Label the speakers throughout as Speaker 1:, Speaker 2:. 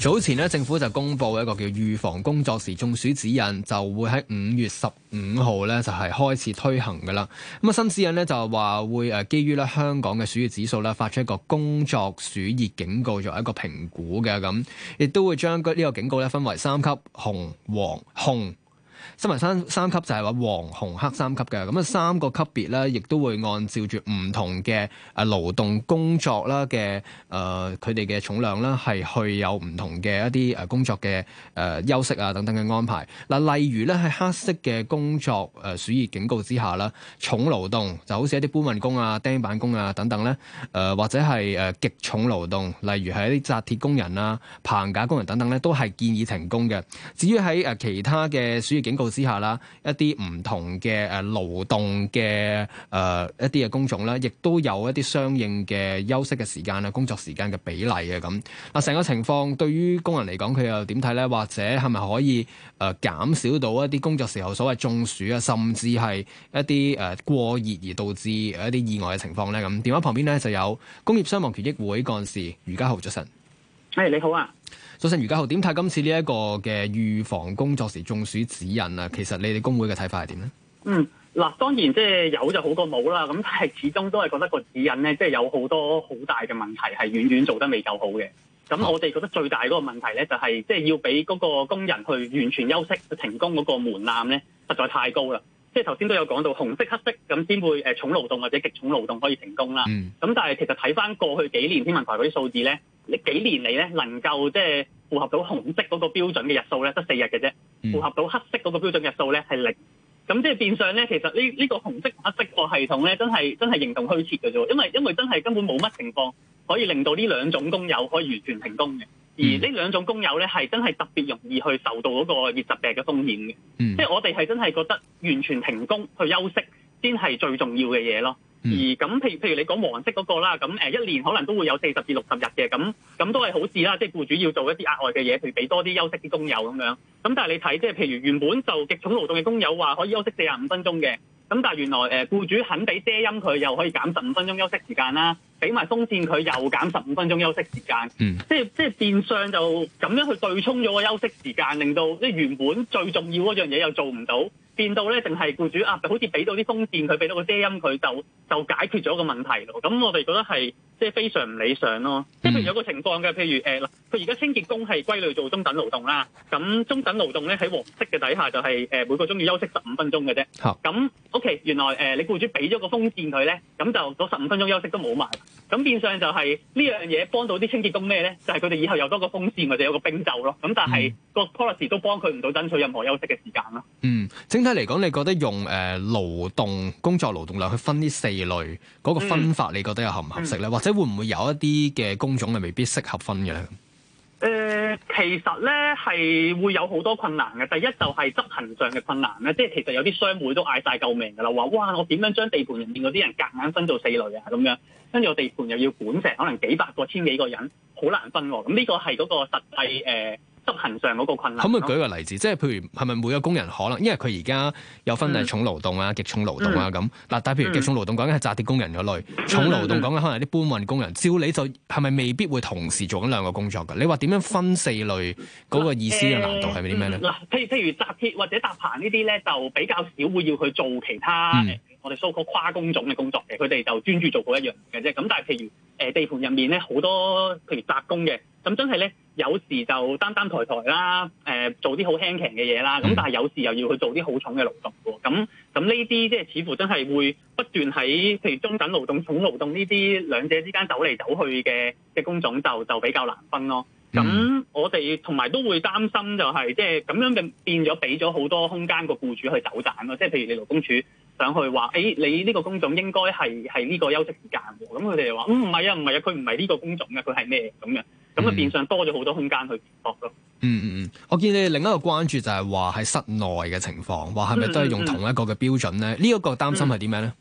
Speaker 1: 早前咧，政府就公布一個叫預防工作時中暑指引，就會喺五月十五號咧就係開始推行噶啦。咁啊，新指引咧就話會誒基於咧香港嘅暑熱指數咧，發出一個工作暑熱警告，做一個評估嘅咁，亦都會將呢個警告咧分為三級：紅、黃、紅。新聞三三級就係話黃紅黑三級嘅，咁啊三個級別咧，亦都會按照住唔同嘅誒勞動工作啦嘅誒佢哋嘅重量啦，係去有唔同嘅一啲誒工作嘅誒、呃、休息啊等等嘅安排。嗱、呃，例如咧喺黑色嘅工作誒、呃、暑熱警告之下啦，重勞動就好似一啲搬運工啊、釘板工啊等等咧，誒、呃、或者係誒、呃、極重勞動，例如係一啲紮鐵工人啊、棚架工人等等咧，都係建議停工嘅。至於喺誒其他嘅暑熱警告，之下啦，一啲唔同嘅誒、啊、勞動嘅誒、呃、一啲嘅工種啦，亦都有一啲相應嘅休息嘅時間啊，工作時間嘅比例嘅咁啊，成個情況對於工人嚟講，佢又點睇咧？或者係咪可以誒、呃、減少到一啲工作時候所謂中暑啊，甚至係一啲誒、呃、過熱而導致一啲意外嘅情況咧？咁電話旁邊咧就有工業傷亡權益會幹事余嘉浩先生：
Speaker 2: 「誒、hey, 你好啊！
Speaker 1: 首先余嘉浩點睇今次呢一個嘅預防工作時中暑指引啊？其實你哋工會嘅睇法係點咧？
Speaker 2: 嗯，嗱當然即係有就好過冇啦，咁但係始終都係覺得個指引咧，即係有好多好大嘅問題係遠遠做得未夠好嘅。咁我哋覺得最大嗰個問題咧，就係即係要俾嗰個工人去完全休息、停工嗰個門檻咧，實在太高啦。即係頭先都有講到紅色、黑色咁先會誒重勞動或者極重勞動可以停工啦。咁、嗯、但係其實睇翻過去幾年天文台嗰啲數字咧，呢幾年嚟咧能夠即係符合到紅色嗰個標準嘅日數咧，得四日嘅啫。符合到黑色嗰個標準日數咧係零。咁、嗯、即係變相咧，其實呢呢、呢個紅色、黑色個系統咧，真係真係形同虛設嘅啫。因為因為真係根本冇乜情況可以令到呢兩種工友可以完全停工嘅。而呢兩種工友咧，係真係特別容易去受到嗰個熱疾病嘅風險嘅，嗯、即係我哋係真係覺得完全停工去休息，先係最重要嘅嘢咯。嗯、而咁，譬如譬如你講黃色嗰個啦，咁一年可能都會有四十至六十日嘅，咁咁都係好事啦。即係僱主要做一啲額外嘅嘢，譬如俾多啲休息啲工友咁樣。咁但係你睇，即係譬如原本就極重勞動嘅工友話可以休息四十五分鐘嘅。咁但係原來誒僱主肯俾遮陰佢，又可以減十五分鐘休息時間啦；俾埋風扇佢，又減十五分鐘休息時間。時間嗯，即係即係變相就咁樣去對沖咗個休息時間，令到即係原本最重要嗰樣嘢又做唔到，變到咧淨係僱主啊，好似俾到啲風扇佢，俾到個遮陰佢就就解決咗個問題咯。咁我哋覺得係。即係非常唔理想咯，即係有個情況嘅，譬如誒，佢而家清潔工係歸類做中等勞動啦，咁中等勞動咧喺黃色嘅底下就係誒每個鐘要休息十五分鐘嘅啫。嚇、啊，咁 OK，原來誒、呃、你僱主俾咗個風扇佢咧，咁就嗰十五分鐘休息都冇埋，咁變相就係呢樣嘢幫到啲清潔工咩咧？就係佢哋以後有多個風扇或者有個冰袖咯。咁但係個 policy 都幫佢唔到爭取任何休息嘅時間咯。嗯，
Speaker 1: 整體嚟講，你覺得用誒勞動工作勞動量去分呢四類嗰、那個分法，你覺得又合唔合適咧？嗯、或者？會唔會有一啲嘅工種係未必適合分嘅？誒、
Speaker 2: 呃，其實咧係會有好多困難嘅。第一就係執行上嘅困難咧，即係其實有啲商會都嗌晒救命噶啦，話哇，我點樣將地盤入面嗰啲人夾硬分到四類啊？咁樣，跟住我地盤又要管成可能幾百個、千幾個人，好難分。咁呢個係嗰個實際誒。呃執行上嗰個困難。可唔可以舉個例
Speaker 1: 子，即係譬如係咪每個工人可能，因為佢而家有分係重勞動啊、嗯嗯、極重勞動啊咁。嗱，但係譬如極重勞動講緊係紮鐵工人嗰類，重勞動講緊可能係啲搬運工人。嗯嗯、照理就係咪未必會同時做緊兩個工作嘅？你話點樣分四類嗰個意思嘅難度係咪啲咩咧？嗱、啊，
Speaker 2: 譬、欸、如譬如紮鐵或者搭棚呢啲咧，就比較少會要去做其他、嗯、我哋所謂跨工種嘅工作嘅，佢哋就專注做好一樣嘅啫。咁但係譬如誒地盤入面咧，好多譬如扎工嘅，咁真係咧。有時就擔擔抬抬啦，誒做啲好輕鬆嘅嘢啦，咁但係有時又要去做啲好重嘅勞動喎。咁咁呢啲即係似乎真係會不斷喺譬如中等勞動、重勞動呢啲兩者之間走嚟走去嘅嘅工種就就比較難分咯。咁、mm. 我哋同埋都會擔心就係即係咁樣嘅變咗俾咗好多空間個僱主去走盞咯，即係譬如你勞工處想去話，誒、欸、你呢個工種應該係係呢個休息時間，咁佢哋就話唔係啊，唔係啊，佢唔係呢個工種嘅，佢係咩咁咁啊，嗯、變相多咗好多空間去接駁咯。嗯嗯
Speaker 1: 嗯，我見你另一個關注就係話喺室內嘅情況，話係咪都係用同一個嘅標準咧？呢一、嗯嗯、個擔心係點樣咧？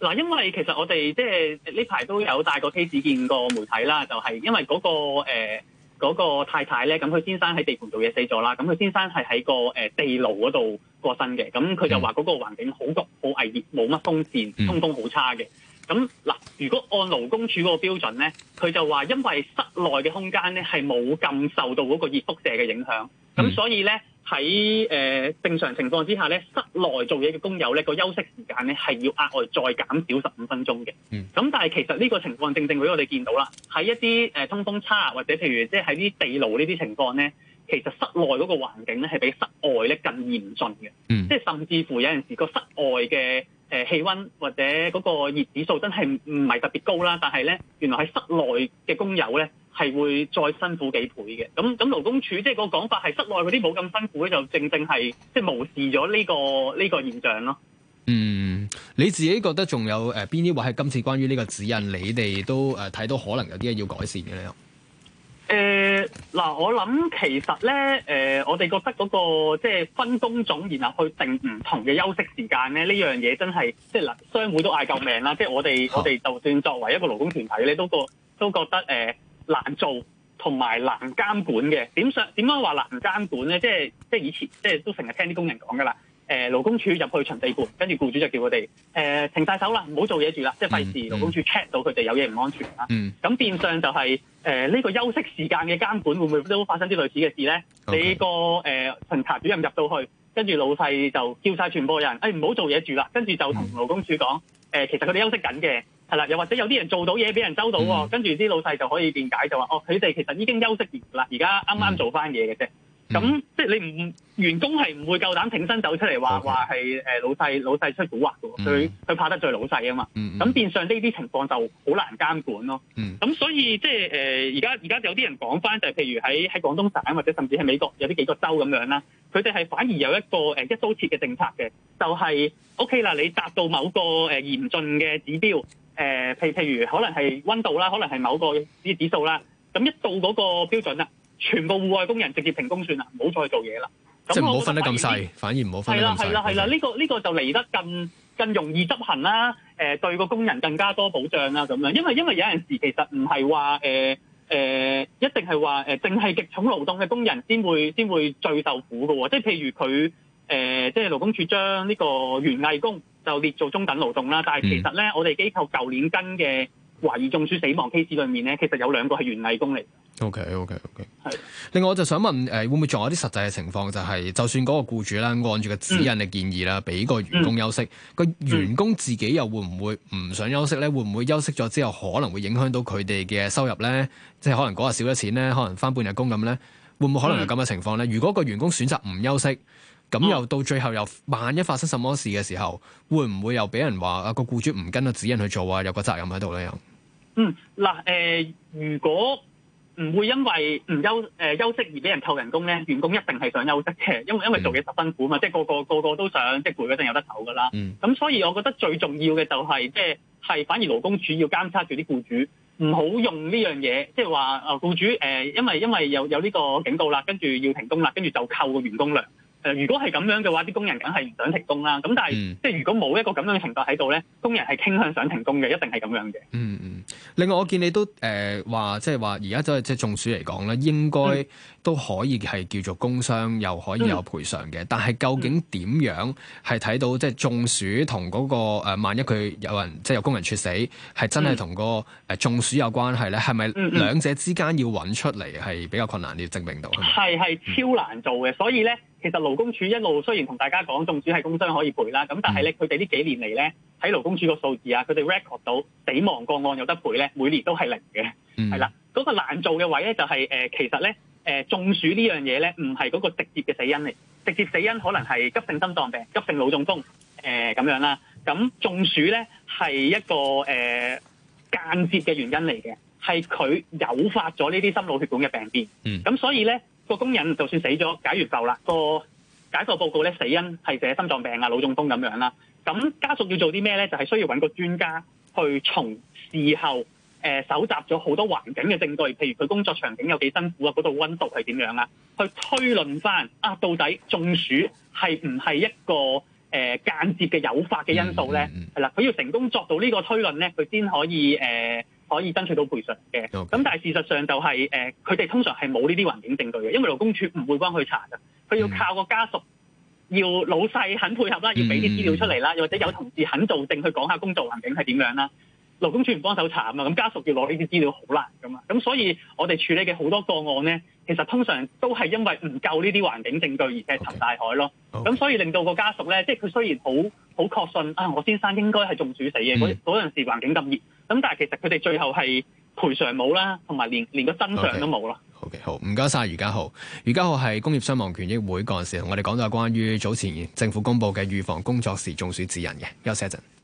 Speaker 2: 嗱，因為其實我哋即係呢排都有帶個 case 見過媒體啦，就係、是、因為嗰、那個嗰、呃那個、太太咧，咁佢先生喺地盤做嘢死咗啦，咁佢先生係喺、那個、呃、地牢嗰度過身嘅，咁佢就話嗰個環境好焗、好危險，冇乜風扇，通風好差嘅。咁嗱、嗯。如果按勞工處嗰個標準咧，佢就話因為室內嘅空間咧係冇咁受到嗰個熱輻射嘅影響，咁所以咧喺、呃、正常情況之下咧，室內做嘢嘅工友咧、個休息時間咧係要額外再減少十五分鐘嘅。嗯，咁但係其實呢個情況正正喎，我哋見到啦，喺一啲通風差呀或者譬如即係喺啲地牢呢啲情況咧，其實室內嗰個環境咧係比室外咧更嚴峻嘅。嗯，即係甚至乎有陣時個室外嘅。誒氣温或者嗰個熱指數真係唔係特別高啦，但係咧原來喺室內嘅工友咧係會再辛苦幾倍嘅。咁咁勞工處即係個講法係室內嗰啲冇咁辛苦，就正正係即係無視咗呢個呢個現象咯。嗯，
Speaker 1: 你自己覺得仲有誒邊啲位係今次關於呢個指引，你哋都誒睇到可能有啲嘢要改善嘅咧？
Speaker 2: 誒嗱、呃，我諗其實咧，誒、呃、我哋覺得嗰、那個即係、就是、分工種，然後去定唔同嘅休息時間咧，呢樣嘢真係即係嗱，商會都嗌救命啦！即係我哋我哋就算作為一個勞工團體咧，都覺都覺得誒、呃、難做，同埋難監管嘅。點想點解話難監管咧？即係即係以前，即係都成日聽啲工人講㗎啦。誒、呃、勞工處入去巡地盤，跟住僱主就叫佢哋誒停晒手啦，唔好做嘢住啦，嗯、即係費事勞工處 check 到佢哋有嘢唔安全啦。咁、嗯、變相就係誒呢個休息時間嘅監管會唔會都發生啲類似嘅事咧？Okay. 你個誒、呃、巡查主任入到去，跟住老細就叫晒全部人，哎唔好做嘢住啦，跟住就同勞工處講誒，其實佢哋休息緊嘅，係啦，又或者有啲人做到嘢俾人收到喎，跟住啲老細就可以辯解，就話哦佢哋其實已經休息完啦，而家啱啱做翻嘢嘅啫。嗯嗯。咁、嗯、即係你唔員工係唔會夠膽挺身走出嚟話話係老細老細出古惑喎，佢佢、嗯、怕得最老細啊嘛。咁、嗯嗯、變相呢啲情況就好難監管咯。咁、嗯、所以即係而家而家有啲人講翻就譬如喺喺廣東省或者甚至係美國有啲幾個州咁樣啦，佢哋係反而有一個、呃、一刀切嘅政策嘅，就係 O K 啦，你達到某個誒、呃、嚴峻嘅指標，誒、呃、譬譬如可能係温度啦，可能係某個指數啦，咁一到嗰個標準啦。全部戶外工人直接停工算啦，唔好再做嘢啦。即係唔好分得咁細，
Speaker 1: 反正，反而唔好分得細。係啦係啦係啦，
Speaker 2: 呢個呢、呢個就嚟得更更容易執行啦。誒、呃，對個工人更加多保障啦咁樣。因為因為有陣時其實唔係話誒一定係話誒，淨、呃、係極重勞動嘅工人先會先會,會最受苦㗎喎。即係譬如佢誒、呃，即係勞工處將呢個園藝工就列做中等勞動啦。嗯、但係其實咧，我哋機構舊年跟嘅懷疑中暑死亡 case 裏面咧，其實有兩個係園藝工嚟。
Speaker 1: O K O K O K，係。另外我就想問，誒、呃，會唔會仲有啲實際嘅情況？就係、是、就算嗰個僱主咧，按住個指引嘅建議啦，俾個員工休息，個、嗯、員工自己又會唔會唔想休息咧？嗯、會唔會休息咗之後，可能會影響到佢哋嘅收入咧？即係可能嗰日少咗錢咧，可能翻半日工咁咧，會唔會可能係咁嘅情況咧？嗯、如果個員工選擇唔休息，咁又到最後又萬一發生什麼事嘅時候，嗯、會唔會又俾人話啊個僱主唔跟個指引去做啊，有個責任喺度咧？又嗯
Speaker 2: 嗱，誒、呃，如果唔會因為唔休誒休息而俾人扣人工咧，員工一定係想休息嘅，因為因為做嘢十分辛苦啊嘛，即係個個個個都想即係攰嗰陣有得唞噶啦。咁、嗯、所以我覺得最重要嘅就係、是、即係反而勞工處要監察住啲僱主，唔好用呢樣嘢，即係話誒僱主誒、呃，因為因為有有呢個警告啦，跟住要停工啦，跟住就扣個員工糧。誒，如果係咁樣嘅話，啲工人梗係唔想停工啦。咁但係，即係如果冇一個咁樣嘅情況喺度咧，工人係傾向想停工嘅，一定係咁樣嘅。
Speaker 1: 嗯嗯。另外，我見你都誒話，即係話而家都係即係中暑嚟講咧，應該都可以係叫做工傷，又可以有賠償嘅。嗯、但係究竟點樣係睇到即係、就是、中暑同嗰、那個誒，萬一佢有人即係、就是、有工人猝死，係真係同個誒中暑有關係咧？係咪兩者之間要揾出嚟係比較困難，你要證明到啊？
Speaker 2: 係係超難做嘅，所以咧。其實勞工處一路雖然同大家講中暑係工傷可以賠啦，咁但係咧佢哋呢幾年嚟咧喺勞工處個數字啊，佢哋 record 到死亡個案有得賠咧，每年都係零嘅，係啦、嗯，嗰、那個難做嘅位咧就係、是呃、其實咧誒中暑呢樣嘢咧唔係嗰個直接嘅死因嚟，直接死因可能係急性心臟病、嗯、急性腦中風誒咁樣啦，咁中暑咧係一個誒、呃、間接嘅原因嚟嘅，係佢誘發咗呢啲心腦血管嘅病變，咁、嗯、所以咧。個工人就算死咗，解完救啦。那個解剖報告咧，死因係寫心臟病啊、腦中風咁樣啦。咁家屬要做啲咩咧？就係、是、需要搵個專家去從事後誒搜、呃、集咗好多環境嘅證據，譬如佢工作場景有幾辛苦啊，嗰、那個、度溫度係點樣啊，去推論翻啊，到底中暑係唔係一個誒、呃、間接嘅誘發嘅因素咧？係啦，佢要成功作到呢個推論咧，佢先可以誒。呃可以爭取到賠償嘅，咁 Okay. 但係事實上就係、是、誒，佢、呃、哋通常係冇呢啲環境證據嘅，因為勞工處唔會幫佢查㗎，佢要靠個家屬，要老細肯配合啦，要俾啲資料出嚟啦，又、mm hmm. 或者有同事肯做證去講下工作環境係點樣啦，勞工處唔幫手查啊嘛，咁家屬要攞呢啲資料好難㗎嘛，咁所以我哋處理嘅好多個案咧，其實通常都係因為唔夠呢啲環境證據而係沉大海咯，咁 Okay. Okay. 所以令到個家屬咧，即係佢雖然好好確信啊、哎，我先生應該係中暑死嘅，嗰嗰陣時環境咁熱。咁但係其實佢哋最後係賠償冇啦，同埋連連個真相都冇啦。Okay. Okay.
Speaker 1: 好嘅，好唔該晒。余嘉浩，余嘉浩係工業傷亡權益會幹事，同我哋講咗關於早前政府公布嘅預防工作時中暑指引嘅。休息一陣。